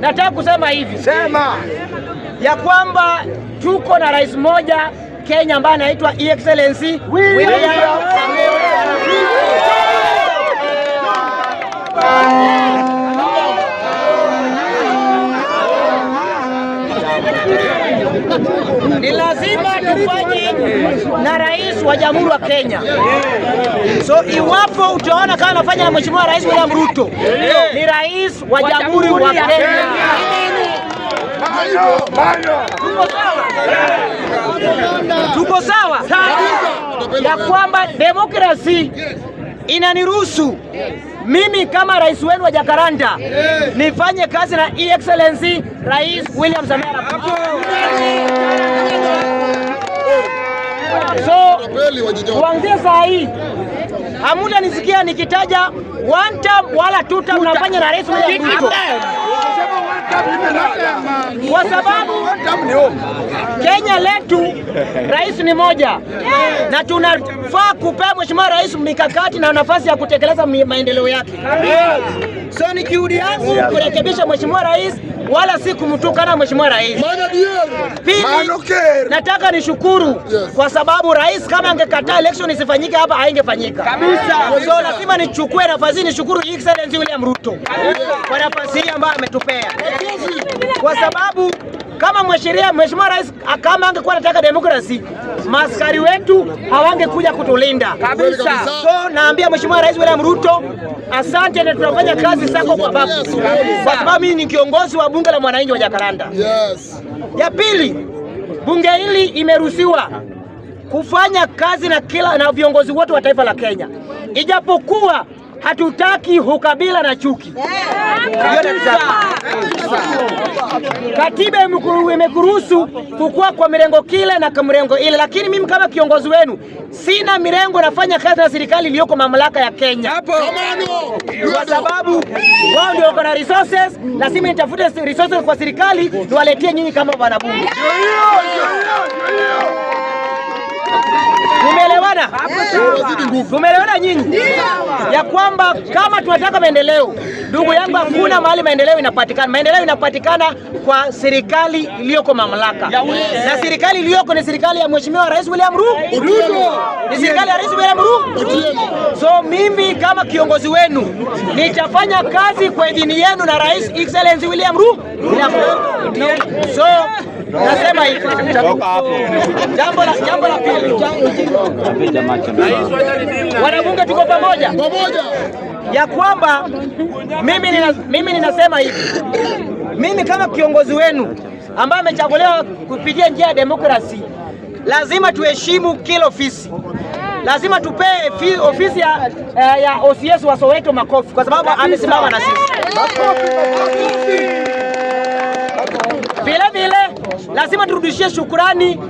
Nataka kusema hivi sema ya kwamba tuko na rais mmoja Kenya ambaye anaitwa e Excellency William Samoei uungwaji na rais wa jamhuri wa Kenya. So iwapo utaona kama anafanya na mheshimiwa Rais William Ruto, ni rais wa jamhuri wa Kenya. Tuko sawa ya kwamba demokrasi inaniruhusu mimi kama rais wenu wa Jakaranda nifanye kazi na Excellency Rais William Samoei Arap kweli kuanzia saa hii hamuta nisikia nikitaja one term wala two term, mnafanya na rais mmoja kwa sababu Kenya letu rais ni moja, na tunafaa kupea mheshimiwa rais mikakati na nafasi ya kutekeleza maendeleo yake. So ni juhudi yangu kurekebisha mheshimiwa rais, wala si kumtukana mheshimiwa rais. Pili, nataka nishukuru kwa sababu rais kama angekataa election isifanyike hapa haingefanyika kabisa. So lazima nichukue nafasi nishukuru His Excellency William Ruto kwa nafasi hii ambayo ametupea kwa sababu kama mheshiria mheshimiwa rais kama angekuwa anataka demokrasi, maskari wetu hawangekuja kutulinda kabisa. So naambia mheshimiwa rais William Ruto, asante, na tunafanya kazi sako kwa babu, kwa sababu mimi ni kiongozi wa bunge la mwananchi wa Jakaranda. Yes. Ya pili, bunge hili imeruhusiwa kufanya kazi na kila na viongozi wote wa taifa la Kenya, ijapokuwa hatutaki ukabila na chuki. Katiba imekuruhusu kukua kwa mirengo kile na mirengo ile, lakini mimi kama kiongozi wenu sina mirengo, nafanya kazi na serikali iliyoko mamlaka ya Kenya, kwa sababu wao ndio wako na resources. Lazima nitafute resources kwa serikali niwaletie nyinyi kama wanabunge. Tumeelewana, tumeelewana nyinyi ya kwamba kama tunataka maendeleo, ndugu yangu, hakuna mahali maendeleo inapatikana. Maendeleo inapatikana kwa serikali iliyoko mamlaka, na serikali iliyoko ni serikali ya Mheshimiwa Rais William Ruto, ni serikali ya Rais William Ruto. So mimi kama kiongozi wenu nitafanya kazi kwa idhini yenu na Rais Excellency William Ruto. So Nasema hivi jambo la jambo la pili, wanabunge, tuko pamoja ya kwamba mimi nina, mimi ninasema hivi mimi kama kiongozi wenu ambaye amechaguliwa kupitia njia ya demokrasi, lazima tuheshimu kila ofisi lazima tupee ofisi ya, eh, ya OCS wa Soweto makofi kwa sababu amesimama na sisi. Lazima turudishie shukurani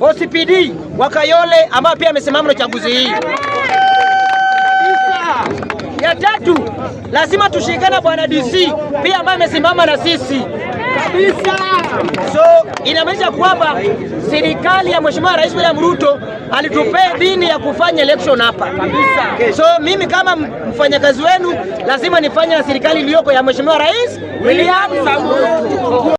OCPD wa Kayole ambayo pia amesimama na uchaguzi hii. Ya tatu, lazima tushikane bwana DC pia ambaye amesimama na sisi kabisa. So inamaanisha kwamba serikali ya Mheshimiwa Rais William Ruto alitupea dini ya kufanya election hapa kabisa. So mimi kama mfanyakazi wenu lazima nifanye na serikali iliyoko ya Mheshimiwa Rais William Ruto.